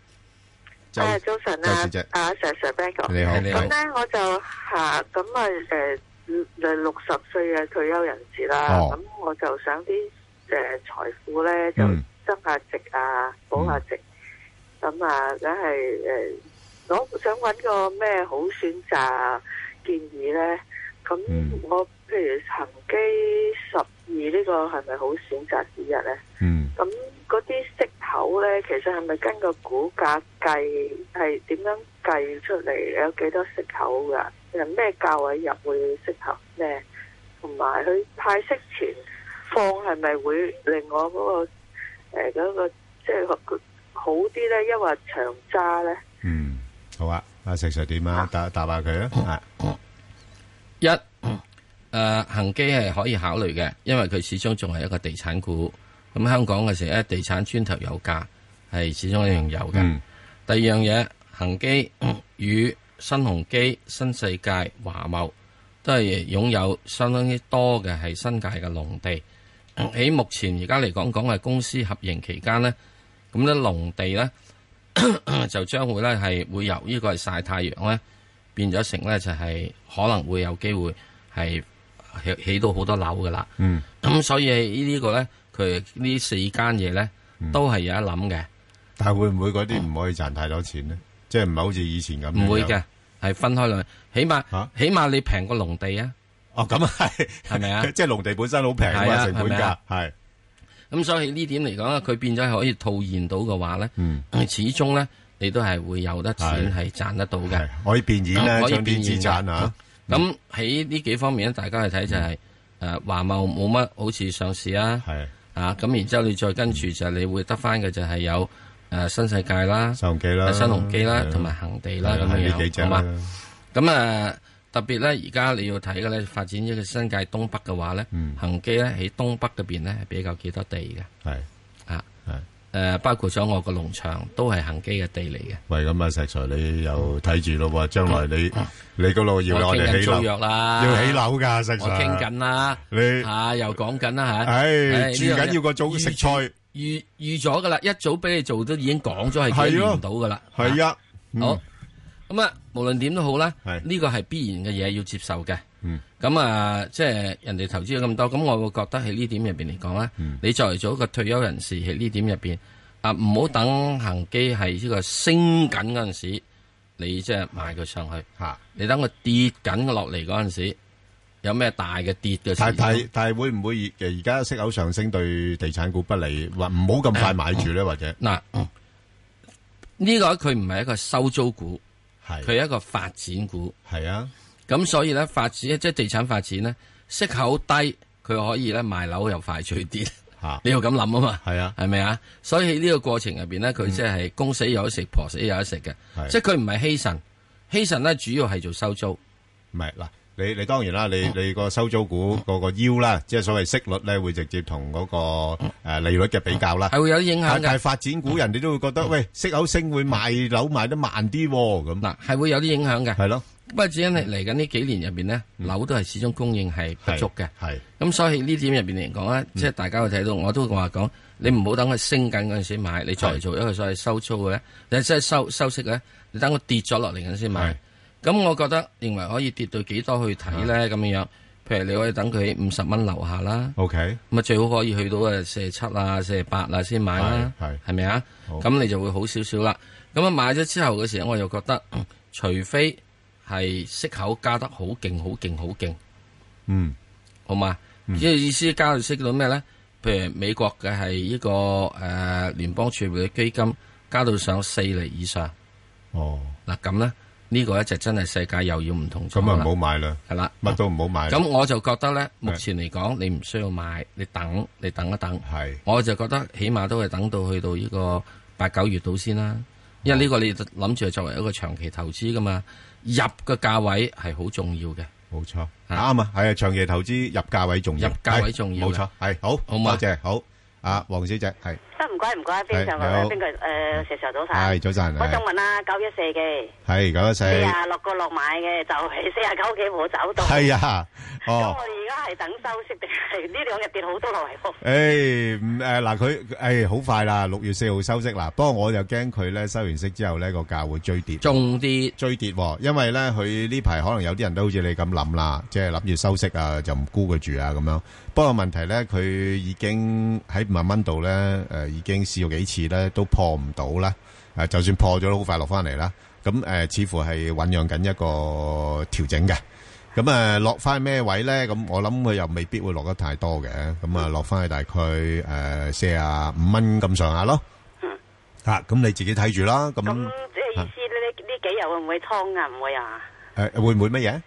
早、啊、周小姐 啊 Sir Sir o, s 你好你好。咁咧我就吓咁啊誒、就是啊呃，六十歲嘅退休人士啦，咁、哦、我就想啲誒財富咧就增下值啊，嗯、保下值，咁啊梗係誒。啊我想揾個咩好選擇建議呢？咁我譬如恒基十二呢個係咪好選擇之一呢？嗯。咁嗰啲息口呢，其實係咪根據股價計？係點樣計出嚟？有幾多息口噶？咩價位入會適合咩？同埋佢派息前放係咪會令我嗰、嗰個誒嗰、呃嗰個即係、就是、好啲呢？抑或長揸呢。嗯。好啊，阿石 Sir 點啊？答答下佢啊。係一誒，恒、呃、基係可以考慮嘅，因為佢始終仲係一個地產股。咁香港嘅時候咧，地產磚頭有價，係始終一樣有嘅。嗯、第二樣嘢，恒基與新鴻基、新世界、華懋都係擁有相當之多嘅係新界嘅農地。喺、嗯、目前而家嚟講，講係公司合營期間咧，咁咧農地咧。就將會咧係會由呢個係曬太陽咧變咗成咧就係可能會有機會係起起到好多樓噶啦。嗯。咁所以呢呢個咧佢呢四間嘢咧都係有一諗嘅。但係會唔會嗰啲唔可以賺太多錢咧？即係唔係好似以前咁？唔會嘅，係分開兩，起碼起碼你平過農地啊。哦，咁啊係，係咪啊？即係農地本身好平啊，成本價係。咁所以呢點嚟講咧，佢變咗係可以套現到嘅話咧，嗯，始終咧你都係會有得錢係賺得到嘅，可以變現可以變現賺啊！咁喺呢幾方面咧，大家去睇就係誒華懋冇乜好似上市啦。係啊，咁然之後你再跟住就係你會得翻嘅就係有誒新世界啦、新鴻基啦、新鴻基啦，同埋恒地啦咁樣，呢幾隻嘛，咁啊。特別咧，而家你要睇嘅咧，發展一個新界東北嘅話咧，恒基咧喺東北嗰邊咧係比較幾多地嘅。係啊，誒，包括咗我個農場都係恒基嘅地嚟嘅。喂，咁啊，石材你又睇住咯，將來你你嗰度要我哋起樓，要起樓噶，石材。我傾緊啦，你啊，又講緊啦吓。唉，最緊要個早食菜，預預咗噶啦，一早俾你做都已經講咗係見唔到噶啦，係啊，好。咁啊，無論點都好啦，呢個係必然嘅嘢，要接受嘅。咁啊、嗯呃，即係人哋投資咗咁多，咁我會覺得喺呢點入邊嚟講咧，嗯、你作為做一個退休人士喺呢點入邊啊，唔好等恒基係呢個升緊嗰陣時，你即係買佢上去。吓是，你等佢跌緊落嚟嗰陣時，有咩大嘅跌嘅情況？但係但係會唔會而而家息口上升對地產股不利，或唔好咁快買住咧？或者嗱，呢、嗯嗯嗯、個佢唔係一個收租股。佢係一個發展股，係啊，咁所以咧，發展即係地產發展咧，息口低，佢可以咧賣樓又快脆啲，啊、 你要咁諗啊嘛，係啊，係咪啊？所以呢個過程入邊咧，佢即係公死有得食，嗯、婆死有得食嘅，啊、即係佢唔係希慎，希慎咧主要係做收租，唔係嗱。你你當然啦，你你個收租股嗰個腰啦，即係所謂息率咧，會直接同嗰個誒利率嘅比較啦。係會有啲影響嘅。但係發展股，人哋都會覺得，喂，息口升會賣樓賣得慢啲喎，咁啦。係會有啲影響嘅。係咯。不過只因嚟嚟緊呢幾年入邊咧，樓都係始終供應係不足嘅。係。咁所以呢點入邊嚟講咧，即係大家會睇到，我都話講，你唔好等佢升緊嗰陣時買，你再嚟做一個所謂收租嘅，你即係收收息咧，你等佢跌咗落嚟嗰陣先買。咁我覺得認為可以跌到幾多去睇咧咁樣，譬如你可以等佢喺五十蚊樓下啦。O K。咁啊最好可以去到啊四十七啊四十八啊先買啦，係係咪啊？咁你就會好少少啦。咁啊買咗之後嘅時候，我又覺得除非係息口加得好勁好勁好勁，嗯，好嘛？即係意思加到息到咩咧？譬如美國嘅係一個誒聯邦儲備基金加到上四厘以上。哦，嗱咁咧。呢個一隻真係世界又要唔同咗咁吧啊唔好買啦，係啦，乜都唔好買。咁我就覺得咧，目前嚟講，是你唔需要買，你等，你等一等。係是。我就覺得起碼都係等到去到呢個八九月到先啦，因為呢個你諗住作為一個長期投資噶嘛，入個價位係好重要嘅。冇錯，啱啊是，係啊，長期投資入價位重要，入價位重要，冇錯，係好，唔該曬，好，阿黃嗎謝謝、啊、小姐係。得唔該唔該，非常感謝，邊個誒，石 Sir 早晨。係早晨。我想問啊，九一四嘅，係九一四。係啊，落過落買嘅就係四啊九幾冇走到。係啊，哦。咁我而家係等收息定係呢兩日跌好多落嚟？誒，唔誒嗱，佢誒好快啦，六月四號收息啦。不過我就驚佢咧收完息之後咧個價會追跌，重啲，追跌。因為咧佢呢排可能有啲人都好似你咁諗啦，即係諗住收息啊，就唔沽佢住啊咁樣。不過問題咧，佢已經喺五十蚊度咧誒。已經試過幾次咧，都破唔到啦。誒、呃，就算破咗都好快落翻嚟啦。咁、嗯、誒、呃，似乎係醞釀緊一個調整嘅。咁、嗯、啊，落翻咩位咧？咁、嗯、我諗佢又未必會落得太多嘅。咁啊，落翻去大概誒四十五蚊咁上下咯。嗯。咁你自己睇住啦。咁、嗯。咁即係意思咧？呢幾日會唔會湯啊？唔會，會、啊呃、會，會啊？誒、嗯，會唔會乜嘢？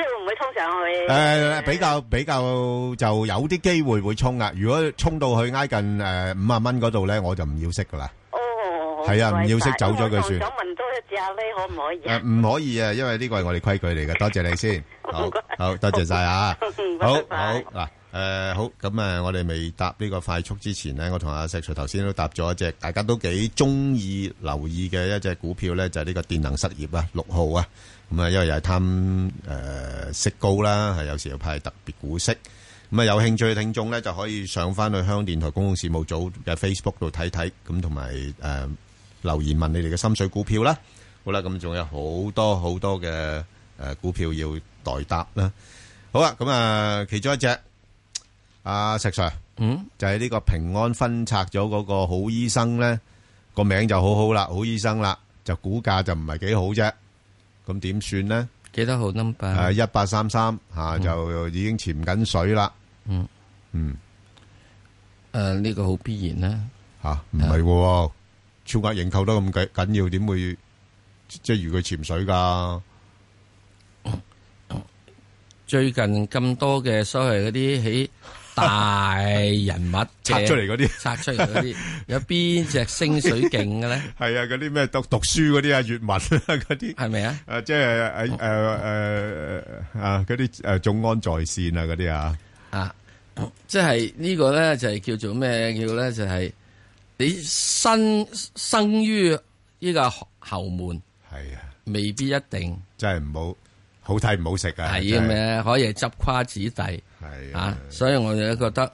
即係會唔會衝上去？誒，比較比較就有啲機會會衝啊！如果衝到去挨近誒五萬蚊嗰度咧，我就唔要息噶啦。哦，係啊，唔要息走咗佢算。想問多一隻阿威可唔可以？誒，唔可以啊，因為呢個係我哋規矩嚟噶。多謝你先，好，好，多謝晒啊。好，好嗱，誒，好，咁啊，我哋未搭呢個快速之前咧，我同阿石 Sir 頭先都搭咗一隻，大家都幾中意留意嘅一隻股票咧，就係呢個電能實業啊，六號啊。咁啊，因為又係貪誒息高啦，係有時又派特別股息。咁啊，有興趣嘅聽眾咧，就可以上翻去香港電台公共事務組嘅 Facebook 度睇睇，咁同埋誒留言問你哋嘅心水股票啦。好啦，咁仲有好多好多嘅誒股票要代答啦。好啦，咁啊，其中一隻阿石 Sir，嗯，就係呢個平安分拆咗嗰個好醫生咧，個名就好好啦，好醫生啦，就股價就唔係幾好啫。咁點算呢？幾多號 number？誒，一八三三吓，就已經潛緊水啦。嗯嗯，誒、嗯，呢、啊呢個好必然呢、啊，吓、啊，唔係，超額認購得咁緊緊要，點會即係如佢潛水噶？最近咁多嘅，所謂嗰啲起。大人物拆出嚟嗰啲，拆出嚟嗰啲，有邊隻星水勁嘅咧？係啊，嗰啲咩讀讀書嗰啲啊，閱文嗰啲，係咪啊？誒，即係誒誒啊，嗰啲誒，眾、啊啊、安在線啊，嗰啲啊啊，即係呢個咧就係、是、叫做咩叫咧？就係你生生於呢個侯門，係啊，未必一定，真係唔好，好睇唔好食啊，係啊，可以執跨子弟。係啊，所以我哋都覺得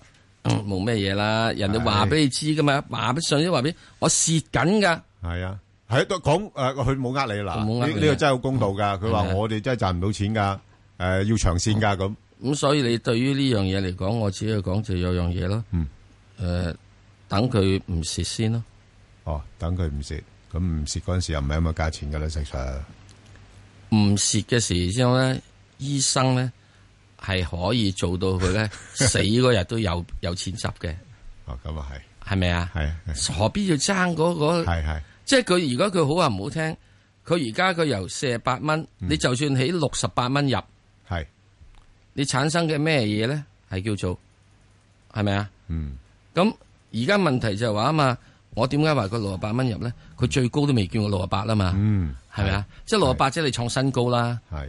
冇咩嘢啦。人哋話俾你知噶嘛，話俾上醫話俾我蝕緊噶。係啊，係講誒，佢冇呃你嗱，呢呢個真係好公道噶。佢話我哋真係賺唔到錢噶，誒要長線噶咁。咁所以你對於呢樣嘢嚟講，我只係講就有樣嘢啦。嗯，誒，等佢唔蝕先咯。哦，等佢唔蝕，咁唔蝕嗰陣時又唔係咁嘅價錢噶啦實。唔蝕嘅時之後咧，醫生咧。係可以做到佢咧死嗰日都有有錢執嘅。哦，咁啊係，係咪啊？係，何必要爭嗰個？係係，即係佢如果佢好話唔好聽，佢而家佢由四十八蚊，你就算起六十八蚊入，係，你產生嘅咩嘢咧？係叫做係咪啊？嗯。咁而家問題就係話啊嘛，我點解話佢六十八蚊入咧？佢最高都未見過六十八啊嘛。嗯。係咪啊？即係六十八，即係你創新高啦。係。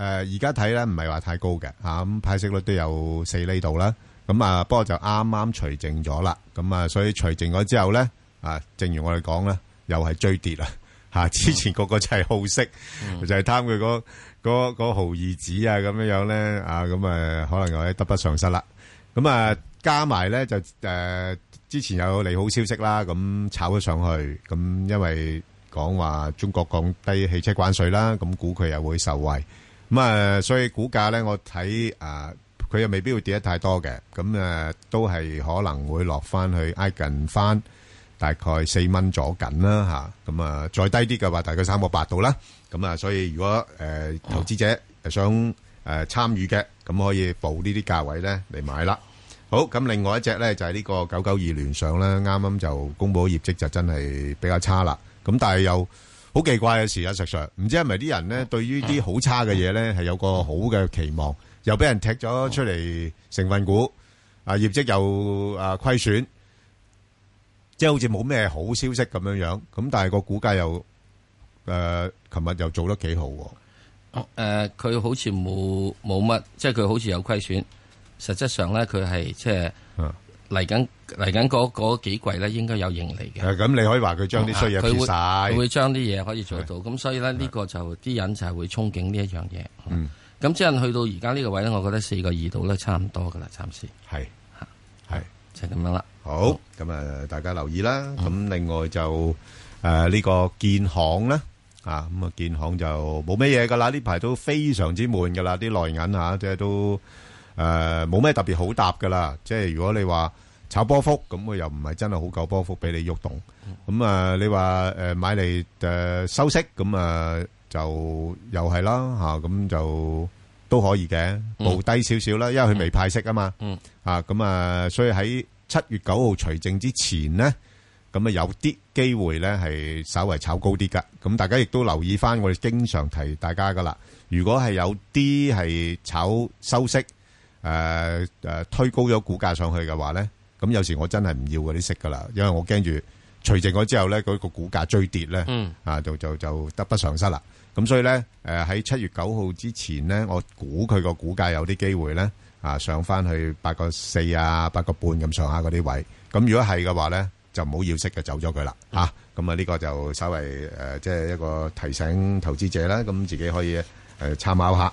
誒而家睇咧，唔係話太高嘅嚇咁派息率都有四厘度啦。咁啊，不過就啱啱除淨咗啦。咁啊，所以除淨咗之後咧啊，正如我哋講啦，又係追跌啦嚇、啊。之前個個就係好息，嗯、就係貪佢嗰嗰嗰毫二子啊，咁樣樣咧啊，咁啊，啊，可能又係得不償失啦。咁啊，加埋咧就誒、啊、之前有利好消息啦，咁、啊、炒咗上去咁、啊，因為講話中國降低汽車關稅啦，咁、啊、估佢又會受惠。咁啊，所以股價咧，我睇啊，佢又未必會跌得太多嘅。咁啊，都係可能會落翻去挨近翻大概四蚊左近啦吓。咁啊，再低啲嘅話，大概三個八度啦。咁啊，所以如果誒投資者想誒參與嘅，咁可以報呢啲價位咧嚟買啦。好，咁另外一隻咧就係呢個九九二聯想啦，啱啱就公佈業績就真係比較差啦。咁但係又～好奇怪嘅事啊！實在唔知係咪啲人咧，對於啲好差嘅嘢咧，係有個好嘅期望，又俾人踢咗出嚟成分股，啊業績又啊虧損，即係好似冇咩好消息咁樣樣。咁但係個股價又誒，琴、啊、日又做得幾好、啊。誒、呃，佢好似冇冇乜，即係佢好似有虧損，實質上咧，佢係即係。嚟緊嚟緊嗰幾季咧，應該有盈利嘅。咁你可以話佢將啲衰嘢撇曬。佢、嗯嗯、會將啲嘢可以做到，咁是所以咧呢個就啲人就係會憧憬呢一樣嘢。是嗯，咁、嗯、即係去到而家呢個位咧，我覺得四個二度咧差唔多噶啦，暫時。係嚇，係就係咁樣啦。好，咁啊好大家留意啦。咁、嗯、另外就誒呢、呃呢個建行咧，啊咁啊建行就冇咩嘢噶啦，呢排都非常之悶噶啦，啲內銀嚇、啊、即係都。誒，冇咩、呃、特別好答噶啦，即係如果你話炒波幅，咁我又唔係真係好夠波幅俾你喐動。咁、嗯、啊、嗯嗯，你話誒買嚟誒收息，咁、嗯、啊就又係啦吓，咁、啊嗯嗯、就都可以嘅，報低少少啦，因為佢未派息啊嘛。嗯啊，咁、嗯嗯、啊，所以喺七月九號除淨之前咧，咁、嗯、啊有啲機會咧係稍微炒高啲噶。咁大家亦都留意返，我哋經常提大家噶啦。如果係有啲係炒收息誒誒、呃呃，推高咗股價上去嘅話咧，咁有時我真係唔要嗰啲息噶啦，因為我驚住除淨咗之後咧，佢、個股價追跌咧，嗯、啊，就就就得不償失啦。咁所以咧，誒喺七月九號之前咧，我估佢個股價有啲機會咧，啊，上翻去八個四啊，八、啊個半咁上下嗰啲位。咁如果係嘅話咧，就唔好要，要息就走咗佢啦。吓、嗯，咁啊呢個就稍微誒，即、呃、係、就是、一個提醒投資者啦。咁自己可以誒參、呃、考下。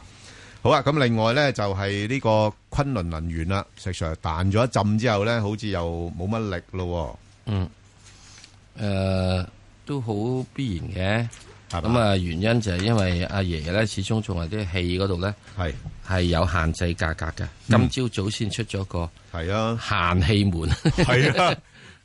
好啊！咁另外咧就係呢個昆崙能源啦，石 Sir 彈咗一浸之後咧，好似又冇乜力咯。嗯，誒、呃，都好必然嘅。咁啊吧，原因就係因為阿爺爺咧，始終仲係啲氣嗰度咧，係係有限制價格嘅。是今朝早先出咗個係啊限氣門，係、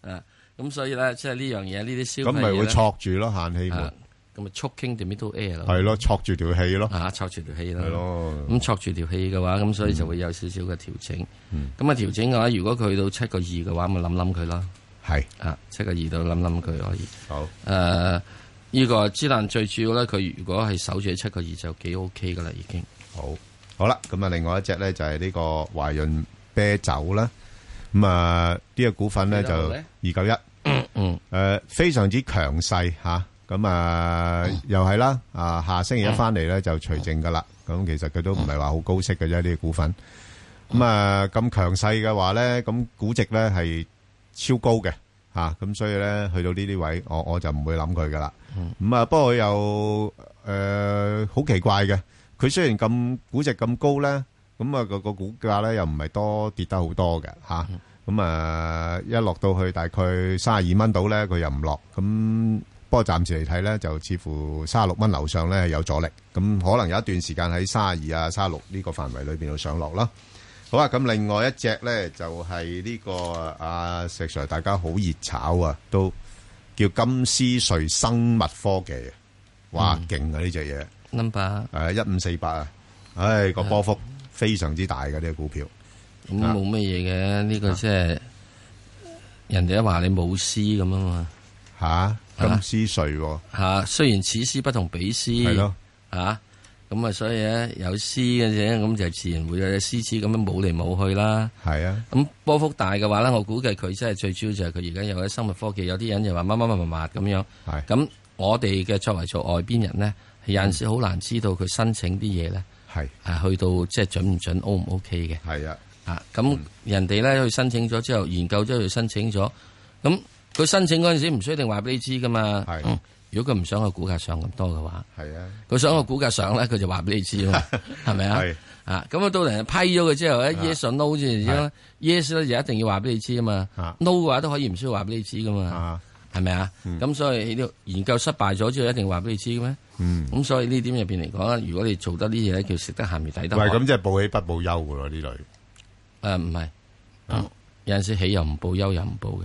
嗯、 啊，啊咁、 嗯、所以咧，即係呢樣嘢，呢啲消咁咪會挫住咯，限氣門。啊咁啊，速傾點都 air 咯，係咯的，撮住條氣咯，吓，撮住條氣啦，係咯。咁撮住條氣嘅話，咁、嗯、所以就會有少少嘅調整。咁啊、嗯，調整嘅話，如果佢去到七個二嘅話，咪諗諗佢啦。係是啊，七個二度諗諗佢可以。好、嗯。誒、啊，呢、這個芝蘭最主要咧，佢如果係守住喺七個二就幾 ok 噶啦，已經、OK。好，好啦。咁啊，另外一隻咧就係呢個華潤啤酒啦。咁啊，呢、這個股份咧就二九一，誒、嗯，非常之強勢吓。啊咁啊，又係啦，啊，下星期一翻嚟咧就除淨噶啦。咁其實佢都唔係話好高息嘅啫，呢啲股份。咁啊，咁強勢嘅話咧，咁估值咧係超高嘅，吓，咁所以咧去到呢啲位，我我就唔會諗佢噶啦。咁啊，不過又誒，好奇怪嘅，佢雖然咁估值咁高咧，咁啊個個股價咧又唔係多跌得好多嘅，吓。咁啊，一落到去大概三十二蚊度咧，佢又唔落，咁。不過暫時嚟睇咧，就似乎三十六蚊樓上咧有阻力，咁可能有一段時間喺三十二啊、三十六呢個範圍裏邊度上落啦。好啊，咁另外一隻咧就係、是、呢、這個阿、啊、石 Sir，大家好熱炒啊，都叫金斯瑞生物科技嘅，哇勁、嗯、啊！呢隻嘢 number 誒一五四八啊，唉、哎那個波幅非常之大嘅呢 Yeah. 個股票，咁冇乜嘢嘅呢個即、就、係、是啊、人哋都話你冇絲咁啊嘛嚇。啊。咁市衰喎？嚇、啊啊，雖然此市不同彼市，係咯的，嚇，咁啊，所以咧有市嘅啫，咁就自然會有隻獅子咁樣舞嚟舞去啦。係啊，咁、嗯、的波幅大嘅話咧，我估計佢真係最主要就係佢而家有啲生物科技，有啲人又話乜乜乜乜咁樣。係、嗯，咁的、啊、我哋嘅作為做外邊人咧，有陣時好難知道佢申請啲嘢咧，係的啊，去到即係準唔準 O 唔 OK 嘅。係啊，啊，咁人哋咧去申請咗之後，研究咗又申請咗，咁、啊。啊人家佢申請嗰陣時唔需要一定話俾你知噶嘛？係的、嗯，如果佢唔想去股價上咁多嘅話，係啊的，佢想去股價上咧，佢就話俾你知嘛。係咪啊？係啊的，咁啊到人批咗佢之後咧，yes 同 no 先之 yes 咧就一定要話俾你知啊嘛，no 嘅話都可以唔需要話俾你知噶嘛，係咪啊？咁、嗯嗯、所以研究失敗咗之後一定話俾你知嘅咩？咁所以呢點入邊嚟講，如果你做得呢嘢咧，叫食得鹹魚睇得開。唔係咁，即係報喜不報憂嘅喎呢類。誒唔係，有陣時喜又唔報，憂又唔報嘅。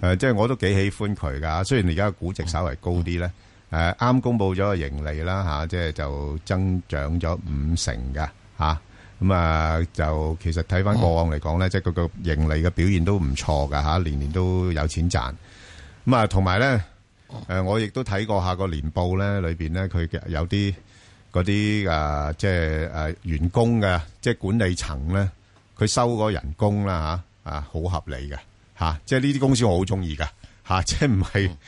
誒，即係我都幾喜歡佢噶，雖然而家估值稍為高啲咧。誒，啱公布咗個盈利啦吓,即係就增長咗五成噶吓。咁啊，就其實睇翻過往嚟講咧，即係個個盈利嘅表現都唔錯噶吓，年年都有錢賺。咁啊，同埋咧，誒，我亦都睇過下個年報咧，裏邊咧佢嘅有啲嗰啲誒，即係誒員工嘅，即係管理層咧，佢收個人工啦吓，啊，好合理嘅。吓、啊，即係呢啲公司我好中意噶，吓、啊，即係唔係，嗯、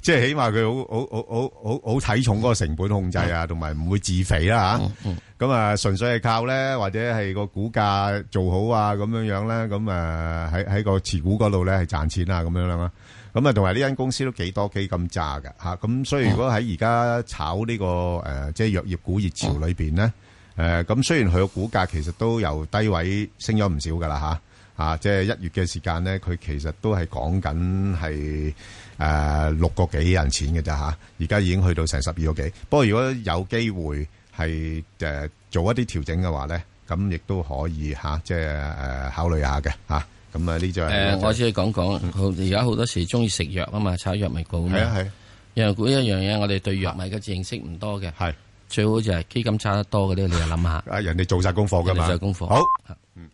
即係起碼佢、嗯、好好好好好好睇重嗰個成本控制啊，同埋唔會自肥啦吓。咁、嗯嗯、啊，純粹係靠咧，或者係個股價做好啊，咁樣樣咧，咁啊喺喺個持股嗰度咧係賺錢啊，咁樣啦。咁啊，同埋呢間公司都幾多基金揸噶，吓。咁所以如果喺而家炒呢、這個誒、呃，即係藥業股熱潮裏邊咧，誒、啊，咁雖然佢個股價其實都由低位升咗唔少噶啦，吓、啊。啊啊，即係一月嘅時間咧，佢其實都係講緊係誒六個幾人錢嘅咋嚇，而、啊、家已經去到成十二個幾。不過如果有機會係誒、呃、做一啲調整嘅話咧，咁亦都可以嚇、啊，即係誒、呃、考慮下嘅嚇。咁啊，呢隻誒我只係講講，而家好多時鍾意食藥啊嘛，炒藥物股。係啊係。藥股一樣嘢，我哋對藥物嘅認識唔多嘅。係、啊、最好就係基金差得多嗰啲，你又諗下。啊，人哋做晒功課㗎嘛。功課、嗯。好。嗯